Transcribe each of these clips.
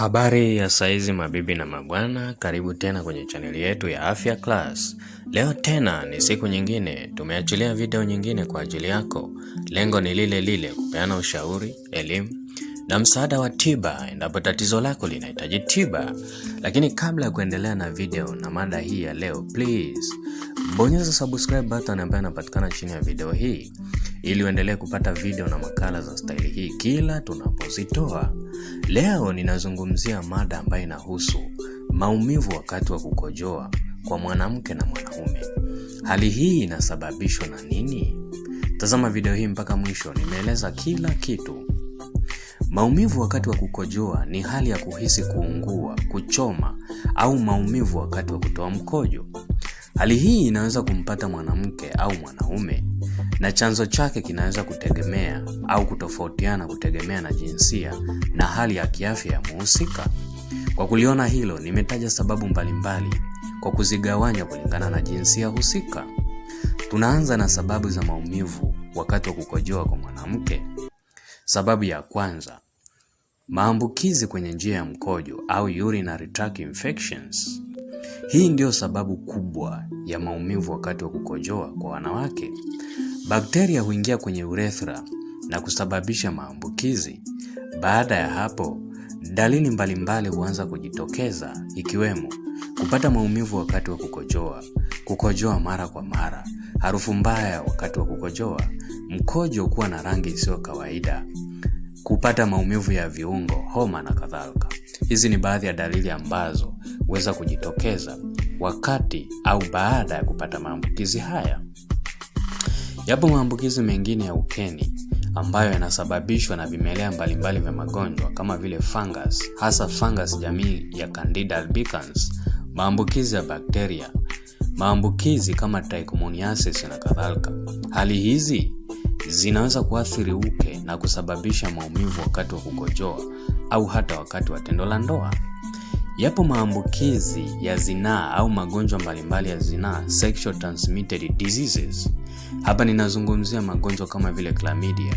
Habari ya saizi mabibi na mabwana, karibu tena kwenye chaneli yetu ya Afya Class. Leo tena ni siku nyingine, tumeachilia video nyingine kwa ajili yako. Lengo ni lile lile, kupeana ushauri, elimu na msaada wa tiba endapo tatizo lako linahitaji tiba. Lakini kabla ya kuendelea na video na mada hii ya leo, please bonyeza subscribe button ambayo inapatikana chini ya video hii ili uendelee kupata video na makala za staili hii kila tunapozitoa. Leo ninazungumzia mada ambayo inahusu maumivu wakati wa kukojoa kwa mwanamke na mwanaume. Hali hii inasababishwa na nini? Tazama video hii mpaka mwisho, nimeeleza kila kitu. Maumivu wakati wa kukojoa ni hali ya kuhisi kuungua, kuchoma au maumivu wakati wa kutoa mkojo. Hali hii inaweza kumpata mwanamke au mwanaume na chanzo chake kinaweza kutegemea au kutofautiana kutegemea na jinsia na hali ya kiafya ya muhusika Kwa kuliona hilo, nimetaja sababu mbalimbali mbali kwa kuzigawanya kulingana na jinsia husika. Tunaanza na sababu za maumivu wakati wa kukojoa kwa mwanamke. Sababu ya kwanza, maambukizi kwenye njia ya mkojo au urinary tract infections. Hii ndiyo sababu kubwa ya maumivu wakati wa kukojoa kwa wanawake. Bakteria huingia kwenye urethra na kusababisha maambukizi. Baada ya hapo, dalili mbalimbali huanza kujitokeza ikiwemo kupata maumivu wakati wa kukojoa, kukojoa mara kwa mara, harufu mbaya wakati wa kukojoa, mkojo kuwa na rangi isiyo kawaida, kupata maumivu ya viungo, homa na kadhalika. Hizi ni baadhi ya dalili ambazo huweza kujitokeza wakati au baada ya kupata maambukizi haya. Yapo maambukizi mengine ya ukeni ambayo yanasababishwa na vimelea mbalimbali vya magonjwa kama vile fungus, hasa fungus jamii ya Candida albicans, maambukizi ya bakteria, maambukizi kama trichomoniasis na kadhalika. Hali hizi zinaweza kuathiri uke na kusababisha maumivu wakati wa kukojoa au hata wakati wa tendo la ndoa. Yapo maambukizi ya zinaa au magonjwa mbalimbali ya zinaa, sexual transmitted diseases. Hapa ninazungumzia magonjwa kama vile chlamydia,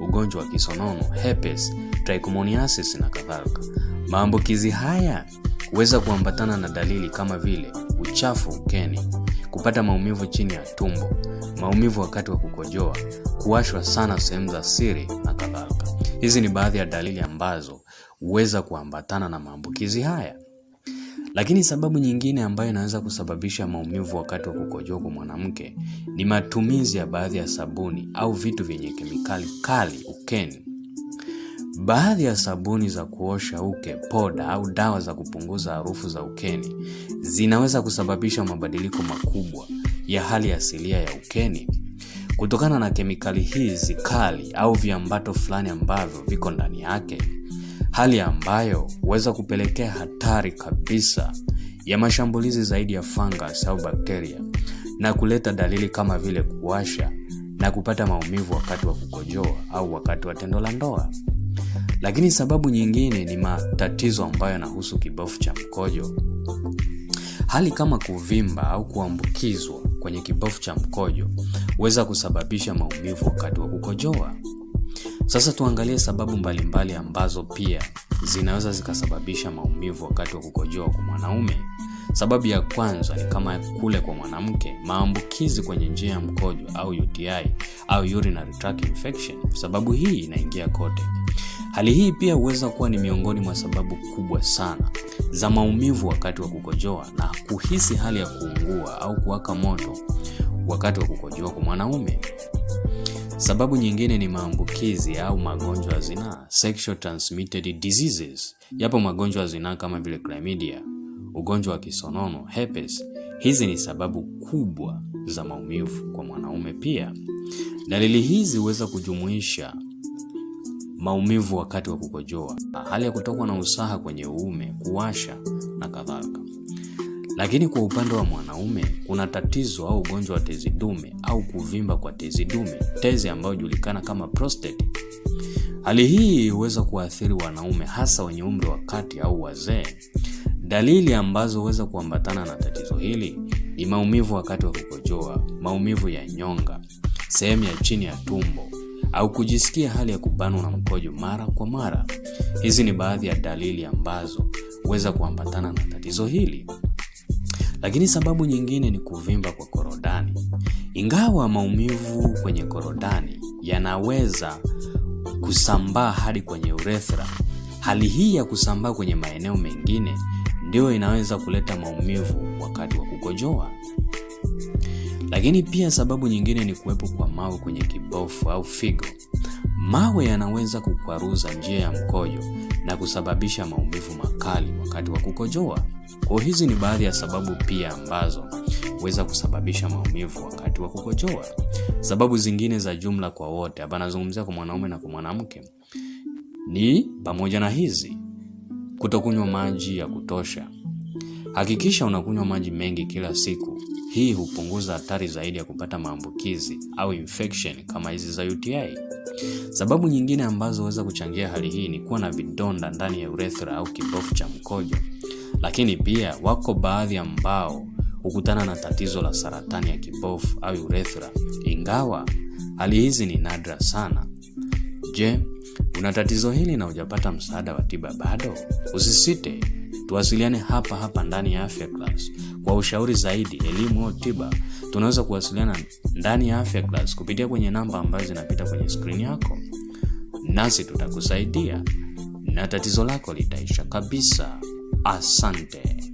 ugonjwa wa kisonono, herpes, trichomoniasis na kadhalika. Maambukizi haya huweza kuambatana na dalili kama vile uchafu ukeni, kupata maumivu chini ya tumbo, maumivu wakati wa kukojoa, kuwashwa sana sehemu za siri na kadhalika. Hizi ni baadhi ya dalili ambazo huweza kuambatana na maambukizi haya. Lakini sababu nyingine ambayo inaweza kusababisha maumivu wakati wa kukojoa kwa mwanamke ni matumizi ya baadhi ya sabuni au vitu vyenye kemikali kali ukeni Baadhi ya sabuni za kuosha uke, poda au dawa za kupunguza harufu za ukeni zinaweza kusababisha mabadiliko makubwa ya hali asilia ya ukeni kutokana na kemikali hizi kali au viambato fulani ambavyo viko ndani yake, hali ambayo huweza kupelekea hatari kabisa ya mashambulizi zaidi ya fungus au bakteria na kuleta dalili kama vile kuwasha na kupata maumivu wakati wa kukojoa au wakati wa tendo la ndoa. Lakini sababu nyingine ni matatizo ambayo yanahusu kibofu cha mkojo. Hali kama kuvimba au kuambukizwa kwenye kibofu cha mkojo huweza kusababisha maumivu wakati wa kukojoa. Sasa tuangalie sababu mbalimbali mbali ambazo pia zinaweza zikasababisha maumivu wakati wa kukojoa kwa mwanaume. Sababu ya kwanza ni kama kule kwa mwanamke, maambukizi kwenye njia ya mkojo au UTI au infection. Sababu hii inaingia kote. Hali hii pia huweza kuwa ni miongoni mwa sababu kubwa sana za maumivu wakati wa kukojoa na kuhisi hali ya kuungua au kuwaka moto wakati wa kukojoa kwa mwanaume. Sababu nyingine ni maambukizi au magonjwa ya zinaa, sexual transmitted diseases. Yapo magonjwa ya zinaa kama vile chlamydia, ugonjwa wa kisonono, herpes. Hizi ni sababu kubwa za maumivu kwa mwanaume pia. Dalili hizi huweza kujumuisha maumivu wakati wa kukojoa, hali ya kutokwa na usaha kwenye uume, kuwasha na kadhalika. Lakini kwa upande wa mwanaume kuna tatizo au ugonjwa wa tezi dume au kuvimba kwa tezi dume, tezi ambayo julikana kama prostate. Hali hii huweza kuathiri wanaume hasa wenye umri wa kati au wazee. Dalili ambazo huweza kuambatana na tatizo hili ni maumivu wakati wa kukojoa, maumivu ya nyonga, sehemu ya chini ya tumbo, au kujisikia hali ya kubanwa na mkojo mara kwa mara hizi ni baadhi ya dalili ambazo huweza kuambatana na tatizo hili lakini sababu nyingine ni kuvimba kwa korodani ingawa maumivu kwenye korodani yanaweza kusambaa hadi kwenye urethra hali hii ya kusambaa kwenye maeneo mengine ndiyo inaweza kuleta maumivu wakati wa kukojoa lakini pia sababu nyingine ni kuwepo kwa mawe kwenye kibofu au figo. Mawe yanaweza kukwaruza njia ya mkojo na kusababisha maumivu makali wakati wa kukojoa. Kwa hizi ni baadhi ya sababu pia ambazo huweza kusababisha maumivu wakati wa kukojoa. Sababu zingine za jumla kwa wote, hapa nazungumzia kwa mwanaume na kwa mwanamke, ni pamoja na hizi: kutokunywa maji ya kutosha. Hakikisha unakunywa maji mengi kila siku hii hupunguza hatari zaidi ya kupata maambukizi au infection kama hizi za UTI. Sababu nyingine ambazo huweza kuchangia hali hii ni kuwa na vidonda ndani ya urethra au kibofu cha mkojo. Lakini pia wako baadhi ambao hukutana na tatizo la saratani ya kibofu au urethra, ingawa hali hizi ni nadra sana. Je, una tatizo hili na hujapata msaada wa tiba bado? Usisite tuwasiliane hapa hapa ndani ya afya class kwa ushauri zaidi elimu au tiba tunaweza kuwasiliana ndani ya afya class kupitia kwenye namba ambazo zinapita kwenye skrini yako nasi tutakusaidia na tatizo lako litaisha kabisa asante